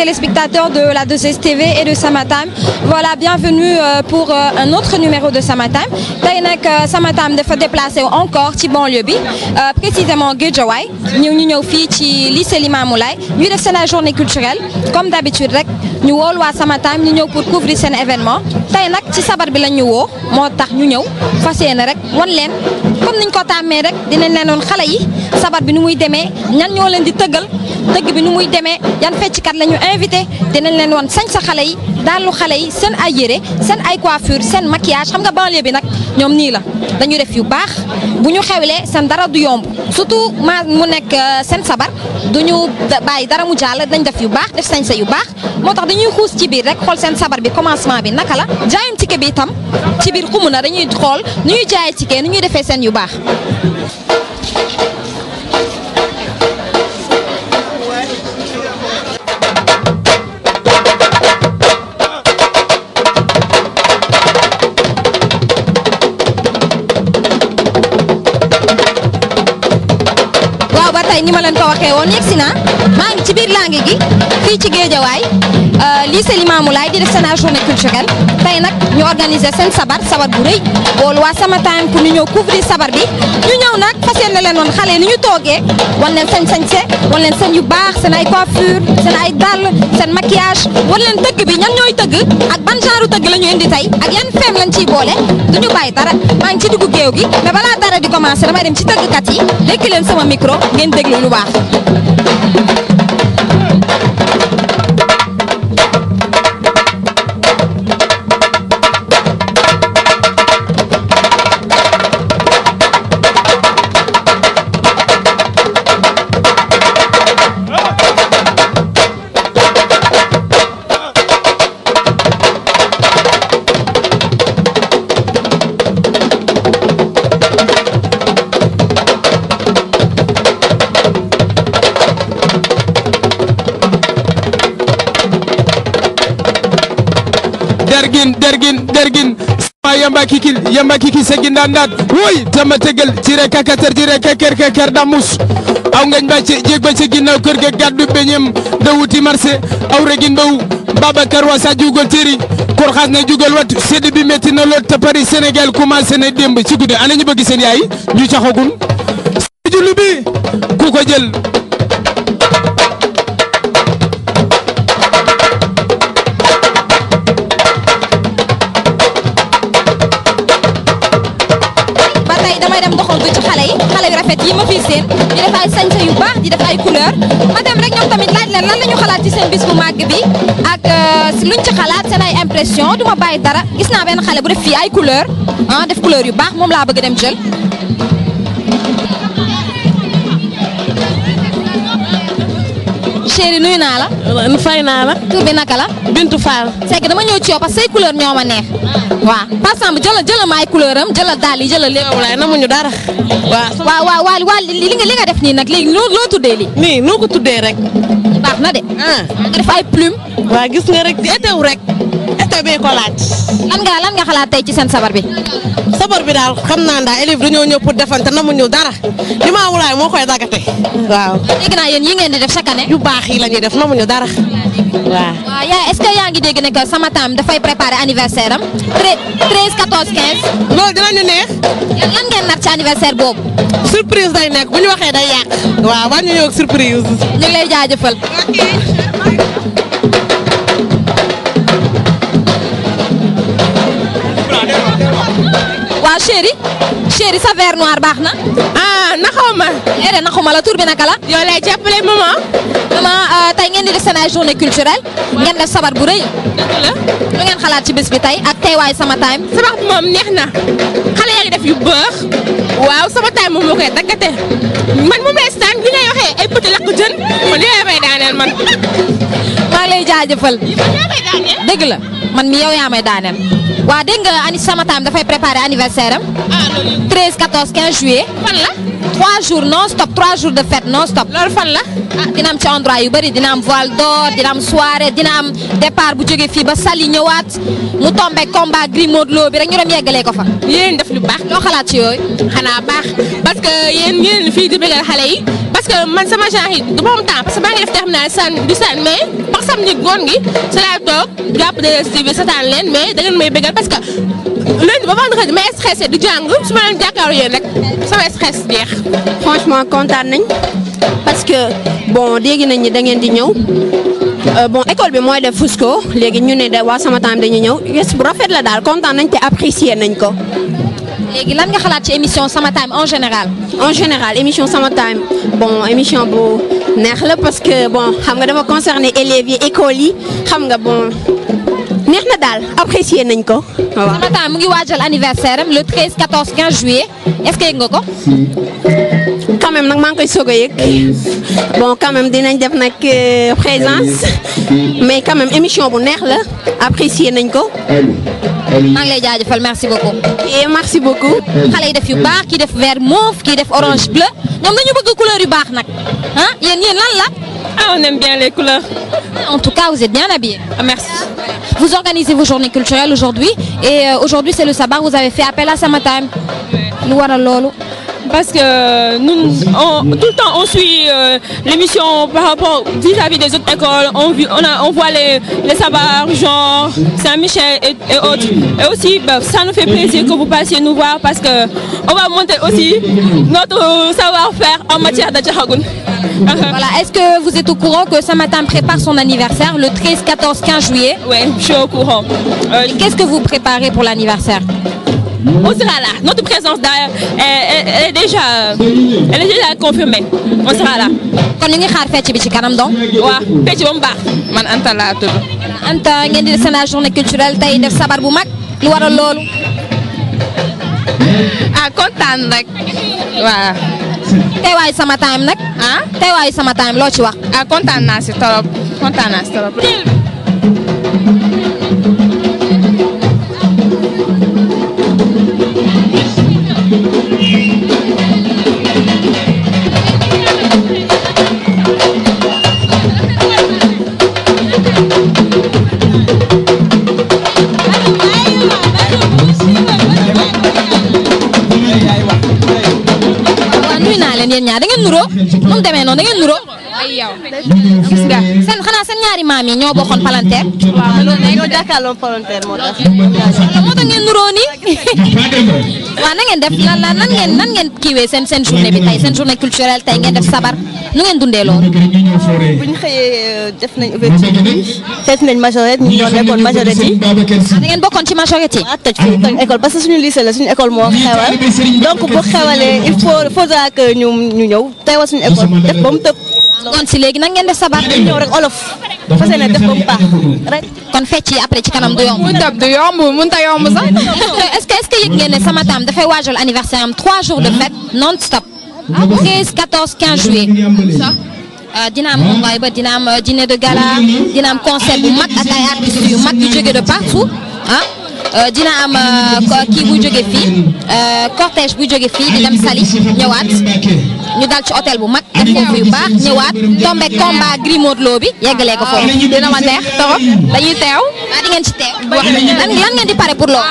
téléspectateurs de la 2STV et de Samatam voilà bienvenue euh, pour euh, un autre numéro de Samatam tey nag euh, Samatam dafa déplacé encore ci banlieue bi précisément Guédiawaye ñëw ñu ñëw fii ci lycée Limamou Laye ñuy def seen la journée culturelle comme d'habitude rek ñu wool waa Samatam ñu ñëw pour couvrir seen événement tey nag ci sabar bi lañ ñu woo moo tax ñu ñëw fas yéene rek wan leen comme niñ ko tàmmee rek dinañ leen woon xale yi sabar bi nu muy demee ñan ñoo leen di tëggal tëgg bi nu muy demee yan fecckat la ñu invité dinañ leen woon sañ sa xale yi daal xale yi seen ay yére seen ay coiffure seen maquillage xam nga banlieue bi nag ñoom nii la dañu def yu baax bu ñu xewlee seen dara du yomb surtout ma mu nekk euh, seen sabar du ñu bàyyi dara mu jàll dañ def yu baax de sañ sa yu baax moo tax dañuy xuus ci biir rek xool seen sabar bi commencement bi naka la jaayum ticket bi itam ci biir xumu na dañuy xool nu ñuy ci ticket ni ñuy defee seen yu baax. waaw ba tey ni ma leen ko waxee woon yegsi naa maa ngi ci biir langue gi fii ci géejawaay Euh, lycée Limamou Laye di def seen journée culturelle tey nag ñu organiser seen sabar sabar bu rëy woolu waa sama time pour ñu ñëw couvrir sabar bi ñu ñëw nag fas yéene leen woon xale ni ñu toogee wan leen seen sañse wan leen seen yu baax seen ay coiffure seen ay dàll seen maquillage wan leen tëgg bi ñan ñooy tëgg ak ban tëgg la ñu indi tey ak yan feem lañ ciy boole du ñu bàyyi dara maa ngi ci diggu géew gi mais balaa dara di commencer damay dem ci leen sama micro ngeen déglu lu baax dergin dergin dergin ma yamba kikil yamba kikil segin dandat woy tama tegal jire kakatar jire kakar kakar damus aw ngañ bàcce jéeg ba ca ginnaaw kër ga gàddu beñem da wuti marché aw regin baw Babacar wa sa jugal teri kor xas na jugal wat sedd bi metti na lool te Paris Sénégal commencé na démb ci guddi ana ñu bëgg seen yaay ñu caxagun julli bi ku ko jël damay dem doxantu ci xale yi xale yu rafet yi ma fiy seen di def ay sañse yu baax di def ay couleur ma tamit laaj leen lan la xalaat ci seen bis bu màgg bi ak euh, luñ ci xalaat seen ay impression du ma bàyyi dara gis naa benn xale bu def fii ay couleur ah def couleur yu baax moom laa bëgg dem jël chéri nuyu naa la. fay naa la. tur naka la. Bintu Fall. Seck dama ñëw ci yow parce que say couleur ñoo ma neex. waaw par exemple jëlal jëlal maay couleur am jëlal daal yi jëlal lépp. waaw namuñu dara. waaw waaw waaw li nga li def nii nag léegi loo tuddee lii. nii noo ko tuddee rek. baax na de. Ah. nga def ay plume. waaw gis nga rek di étew rek. étew bee ko laaj. lan nga lan nga xalaat tey ci seen sabar bi. sabar bi daal xam naa ndaa élèves dañoo ñëw pour defante namuñu dara li ma wulaay moo koy dagate. waaw. dégg naa yéen yi ngeen di def chaque année. naax yi la ñuy def moomuñu dara waaw. waaw yaa yaa ngi dégg ne sama tam dafay préparer anniversaire am. 13 14 15. loolu dinañu neex. lan ngeen nar ci anniversaire boobu. surprise day nekk bu ñu waxee day yàq. waaw war nañoo ak surprise. ñu ngi lay jaajëfal. waaw chéri chéri sa verre noir baax na. ah naxuma. tur bi naka la. yoo lay jàppale maman. justement euh, tey ngeen di def seen ay ngeen def sabar bu rëy. ngeen xalaat ci bis bi tey ak teewaay sama time. sabar bi moom neex na xale yaa yu baax waaw sama time moom moo koy man moom lay sànni li ngay waxee ay pëti lakk man li may daaneel man. maa ngi lay jaajëfal. dëgg la man mi yow yaa may waa dégg nga Anis sama taam dafay préparer anniversaire am. ah loolu 13 14 15 juillet. fan la. 3 jours non stop 3 jours de fête non stop. loolu fan la. ah dina am ci endroit yu bëri dina am voile d'or dina am soirée dina am départ bu jógee fii ba sali ñëwaat mu tombé combat Gris Modou bi rek ñu doon yeggalee ko fa. yéen def lu baax loo xalaat ci yooyu. xanaa baax parce que yéen fii di bëggal xale yi. parce que man sama genre yi du ma am temps parce que maa ngi def terminale san du san mais par samedi ngoon gi si laa toog jàpp de TV setaan leen mais da may bégal parce que lundi ba vendredi jàng ma leen jàkkaarloo yéen rek sama kontaan nañ parce que bon dégg nañ ni da ngeen di ñëw. Euh, bon école bi mooy def Fusco léegi ñu ne de waa sama temps dañuy ñëw yes bu rafet la daal kontaan nañ te apprécier nañ ko. léegi lan nga xalaat ci émission Sama Time en général. en général émission Sama Time bon émission bu neex la parce que bon xam nga dafa concerner élèves yi école yi xam nga bon. neex na daal apprécier nañ ko. waaw sama temps mu ngi waajal anniversaire am le 13 14 15 juillet est-ce que yëg nga ko. quand nag maa ngi koy soog a yëg bon quand même dinañ def nag euh, présence mais quand émission bu neex la apprécier nañ ko. maa ngi lay jaajëfal merci beaucoup. et eh, merci beaucoup. xale yi def yu baax kii def vert mauve kii def orange bleu ñoom dañu bëgg couleur yu baax nag ah yéen yéen la. ah on aime bien les couleurs. en tout cas vous êtes bien habillés. Ah, merci. Vous organisez vos journées culturelles aujourd'hui et euh, aujourd'hui c'est le sabbat vous avez fait appel à Sama Time. lu waral loolu. parce que euh, nous, tout le temps, on suit euh, l'émission par rapport vis-à-vis des autres écoles. On, voit les, les sabbats, Saint-Michel et, autres. Et aussi, ça nous fait plaisir que vous passiez nous voir parce que on va montrer aussi notre savoir-faire en matière d'Adjaragoun. est-ce que vous êtes au courant que Samatan prépare son anniversaire le juillet euh, Qu'est-ce que vous préparez pour l'anniversaire on sera kon ñu ngi xaar fecc bi ci kanam donc. waaw fecc ba mu baax. man Anta laa tudd. Anta ngeen di seen journée culturelle tey def sabar bu mag lu waral loolu. ah kontaan rek waaw. teewaayu sama time nag. ah teewaayu sama time loo ci wax. ah kontaan naa si torop yéen ñaar da ngeen nuroo nu mu demee noonu da ngeen nuroo yow gis nga seen xanaa seen ñaari maam yi ñoo bokkoon palanteer. moo tax. moo tax ngeen nuróo nii. waaw na def lan lan kiiwee seen journée bi tey seen journée culturelle tey ngeen def sabar nu ngeen dundee loolu. bu ñu xëyee euh, def nañ ouverture bi fees nañ majorette ñu doon école majorette yi. Ah, da bokkoon ci majorette yi. Ah, parce que suñu lycée la suñu école moo xewal donc bu xewalee il faut faudra que ñu ñu ñëw teewal suñu école def ba mu tëb. ngoon si léegi nan ngeen def sabar dañ ñëw rek olof fas yéene def ba kon fecc après ci kanam du yomb. mënut a du yomb a est-ce que est-ce que yëg ngeen ne sama taam dafay waajal anniversaire am 3 jours de fête non stop. ah 13 14 15 juillet. Euh, dina am convoi ah. ba dina am euh, de gala dina am bu mag a ay artistes yu mag yu jóge de partout ah. Euh, dina am euh, kii bu jóge fii euh, cortège bu jóge fii di dem Saly ñëwaat ñu dal ci hôtel bu mag def foofu yu baax ñëwaat tombé combat Gris Modou Lô bi yeggalee ko foofu dina ma neex torop dañuy teew di ngeen ci teew wax lan ngeen di pare pour loolu.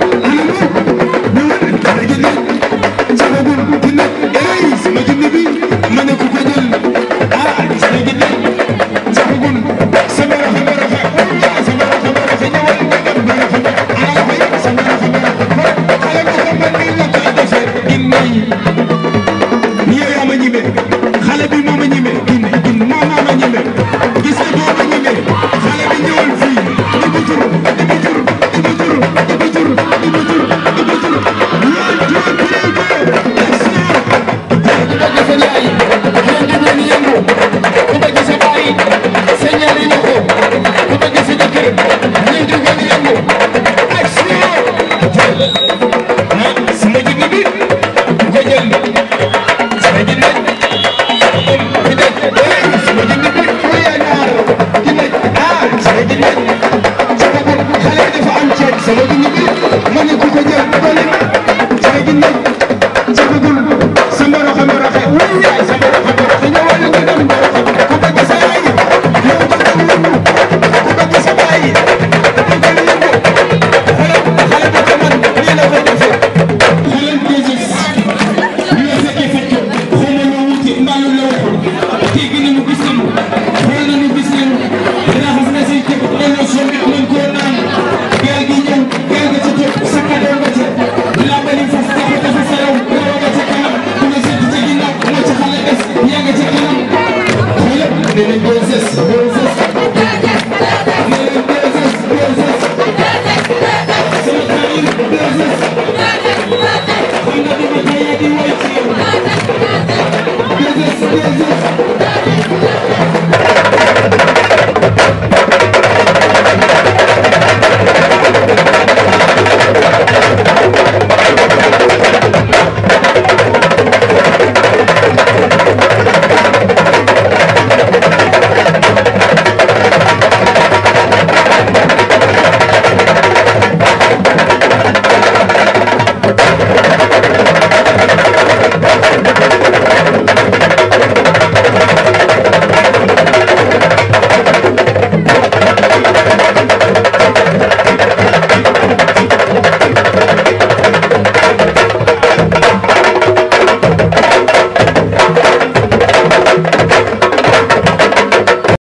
gën a